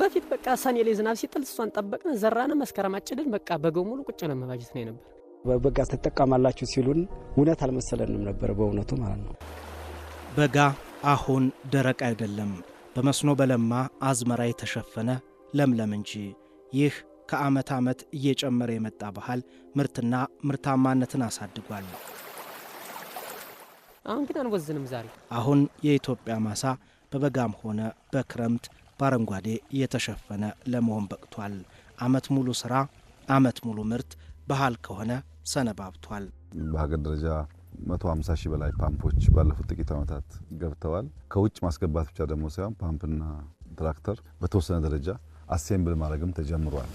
በፊት በቃ ሰኔ ላይ ዝናብ ሲጥል እሷን ጠበቅን፣ ዘራን፣ መስከረም አጭድን። በቃ በገው ሙሉ ቁጭ ለመባጀት ነው የነበር። በበጋ ትጠቀማላችሁ ሲሉን እውነት አልመሰለንም ነበር፣ በእውነቱ ማለት ነው። በጋ አሁን ደረቅ አይደለም፣ በመስኖ በለማ አዝመራ የተሸፈነ ለምለም እንጂ። ይህ ከዓመት ዓመት እየጨመረ የመጣ ባህል ምርትና ምርታማነትን አሳድጓል። አሁን ግን አንወዝንም። ዛሬ አሁን የኢትዮጵያ ማሳ በበጋም ሆነ በክረምት በአረንጓዴ የተሸፈነ ለመሆን በቅቷል። አመት ሙሉ ስራ፣ አመት ሙሉ ምርት ባህል ከሆነ ሰነባብቷል። በሀገር ደረጃ 150 ሺህ በላይ ፓምፖች ባለፉት ጥቂት ዓመታት ገብተዋል። ከውጭ ማስገባት ብቻ ደግሞ ሳይሆን ፓምፕና ትራክተር በተወሰነ ደረጃ አሴምብል ማድረግም ተጀምሯል።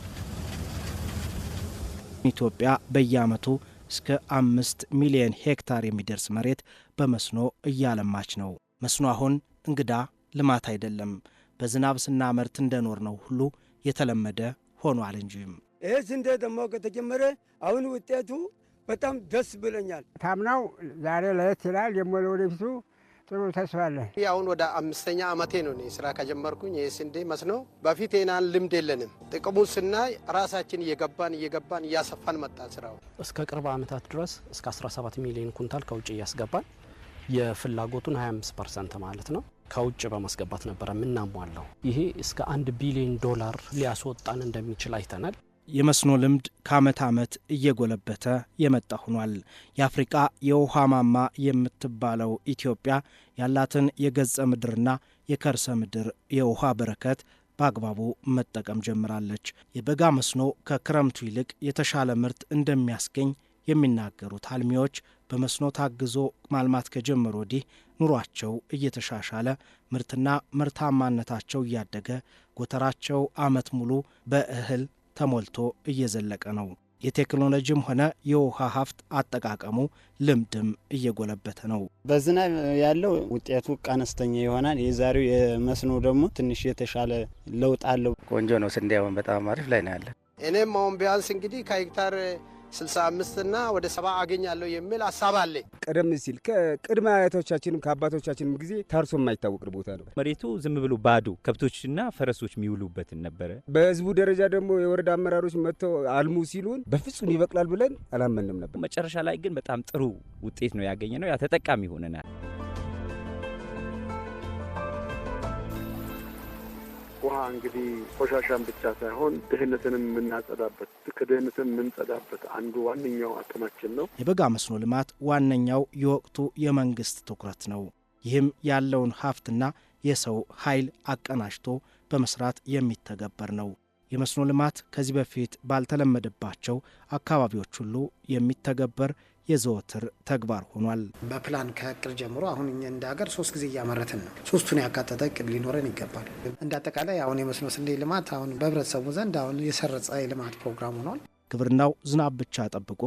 ኢትዮጵያ በየአመቱ እስከ አምስት ሚሊዮን ሄክታር የሚደርስ መሬት በመስኖ እያለማች ነው። መስኖ አሁን እንግዳ ልማት አይደለም። በዝናብ ስናመርት እንደኖር ነው ሁሉ የተለመደ ሆኗል እንጂም ይህ ስንዴ ደግሞ ከተጀመረ አሁን ውጤቱ በጣም ደስ ብለኛል። ታምናው ዛሬ ለየት ይላል። የሞለ ወደፊቱ ጥሩ ተስፋ አለ። አሁን ወደ አምስተኛ ዓመቴ ነው እኔ ስራ ከጀመርኩኝ። ይህ ስንዴ መስኖ በፊት ናን ልምድ የለንም። ጥቅሙ ስናይ ራሳችን እየገባን እየገባን እያሰፋን መጣ ስራው። እስከ ቅርብ ዓመታት ድረስ እስከ 17 ሚሊዮን ኩንታል ከውጭ እያስገባን የፍላጎቱን 25 ፐርሰንት ማለት ነው ከውጭ በማስገባት ነበረ የምናሟለው። ይሄ እስከ አንድ ቢሊዮን ዶላር ሊያስወጣን እንደሚችል አይተናል። የመስኖ ልምድ ከዓመት ዓመት እየጎለበተ የመጣ ሆኗል። የአፍሪቃ የውሃ ማማ የምትባለው ኢትዮጵያ ያላትን የገጸ ምድርና የከርሰ ምድር የውሃ በረከት በአግባቡ መጠቀም ጀምራለች። የበጋ መስኖ ከክረምቱ ይልቅ የተሻለ ምርት እንደሚያስገኝ የሚናገሩት አልሚዎች በመስኖ ታግዞ ማልማት ከጀመሩ ወዲህ ኑሯቸው እየተሻሻለ ምርትና ምርታማነታቸው እያደገ ጎተራቸው ዓመት ሙሉ በእህል ተሞልቶ እየዘለቀ ነው። የቴክኖሎጂም ሆነ የውሃ ሀብት አጠቃቀሙ ልምድም እየጎለበተ ነው። በዝናብ ያለው ውጤቱ አነስተኛ ይሆናል። የዛሬው የመስኖ ደግሞ ትንሽ የተሻለ ለውጥ አለው። ቆንጆ ነው። ስንዴ አሁን በጣም አሪፍ ላይ ነው ያለ እኔም አሁን ቢያንስ እንግዲህ ከሄክታር 65 እና ወደ ሰባ አገኛለሁ የሚል ሀሳብ አለ። ቀደም ሲል ከቅድመ አያቶቻችንም ከአባቶቻችንም ጊዜ ታርሶ የማይታወቅ ቦታ ነው። መሬቱ ዝም ብሎ ባዶ ከብቶችና ፈረሶች የሚውሉበትን ነበረ። በህዝቡ ደረጃ ደግሞ የወረዳ አመራሮች መጥተው አልሙ ሲሉን በፍጹም ይበቅላል ብለን አላመንም ነበር። መጨረሻ ላይ ግን በጣም ጥሩ ውጤት ነው ያገኘ ነው። ያ ተጠቃሚ ሆነናል። ውሃ እንግዲህ ቆሻሻን ብቻ ሳይሆን ድህነትንም የምናጸዳበት ከድህነትን የምንጸዳበት አንዱ ዋነኛው አቅማችን ነው። የበጋ መስኖ ልማት ዋነኛው የወቅቱ የመንግስት ትኩረት ነው። ይህም ያለውን ሀብትና የሰው ኃይል አቀናጅቶ በመስራት የሚተገበር ነው። የመስኖ ልማት ከዚህ በፊት ባልተለመደባቸው አካባቢዎች ሁሉ የሚተገበር የዘወትር ተግባር ሆኗል። በፕላን ከእቅድ ጀምሮ አሁን እኛ እንደ ሀገር ሶስት ጊዜ እያመረትን ነው። ሶስቱን ያካተተ እቅድ ሊኖረን ይገባል። እንደ አጠቃላይ አሁን የመስኖ ስንዴ ልማት አሁን በህብረተሰቡ ዘንድ አሁን የሰረጸ የልማት ፕሮግራም ሆኗል። ግብርናው ዝናብ ብቻ ጠብቆ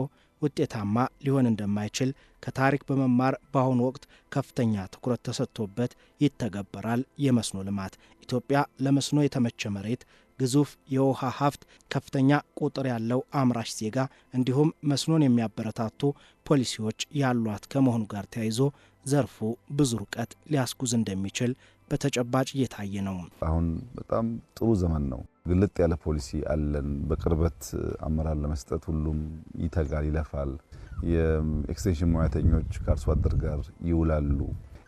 ውጤታማ ሊሆን እንደማይችል ከታሪክ በመማር በአሁኑ ወቅት ከፍተኛ ትኩረት ተሰጥቶበት ይተገበራል የመስኖ ልማት። ኢትዮጵያ ለመስኖ የተመቸ መሬት ግዙፍ የውሃ ሀብት፣ ከፍተኛ ቁጥር ያለው አምራች ዜጋ እንዲሁም መስኖን የሚያበረታቱ ፖሊሲዎች ያሏት ከመሆኑ ጋር ተያይዞ ዘርፉ ብዙ ርቀት ሊያስጉዝ እንደሚችል በተጨባጭ እየታየ ነው። አሁን በጣም ጥሩ ዘመን ነው። ግልጥ ያለ ፖሊሲ አለን። በቅርበት አመራር ለመስጠት ሁሉም ይተጋል፣ ይለፋል። የኤክስቴንሽን ሙያተኞች ከአርሶ አደር ጋር ይውላሉ።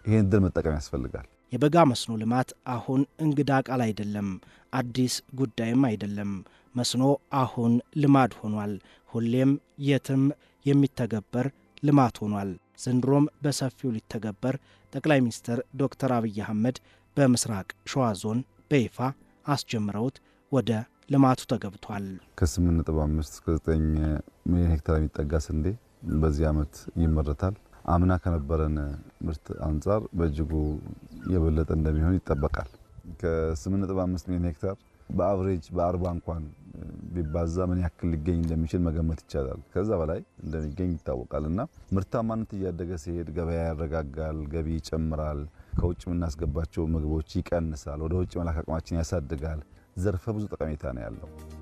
ይህን እድል መጠቀም ያስፈልጋል። የበጋ መስኖ ልማት አሁን እንግዳ ቃል አይደለም፣ አዲስ ጉዳይም አይደለም። መስኖ አሁን ልማድ ሆኗል። ሁሌም የትም የሚተገበር ልማት ሆኗል። ዘንድሮም በሰፊው ሊተገበር ጠቅላይ ሚኒስትር ዶክተር አብይ አህመድ በምስራቅ ሸዋ ዞን በይፋ አስጀምረውት ወደ ልማቱ ተገብቷል። ከ ነጥብ አምስት እስከ ዘጠኝ ሚሊዮን ሄክታር የሚጠጋ ስንዴ በዚህ ዓመት ይመረታል። አምና ከነበረን ምርት አንጻር በእጅጉ የበለጠ እንደሚሆን ይጠበቃል። ከ8.5 ሚሊዮን ሄክታር በአቨሬጅ በአርባ እንኳን ቢባዛ ምን ያክል ሊገኝ እንደሚችል መገመት ይቻላል። ከዛ በላይ እንደሚገኝ ይታወቃል። እና ምርታማነት እያደገ ሲሄድ ገበያ ያረጋጋል፣ ገቢ ይጨምራል፣ ከውጭ የምናስገባቸው ምግቦች ይቀንሳል፣ ወደ ውጭ መላክ አቅማችን ያሳድጋል። ዘርፈ ብዙ ጠቀሜታ ነው ያለው።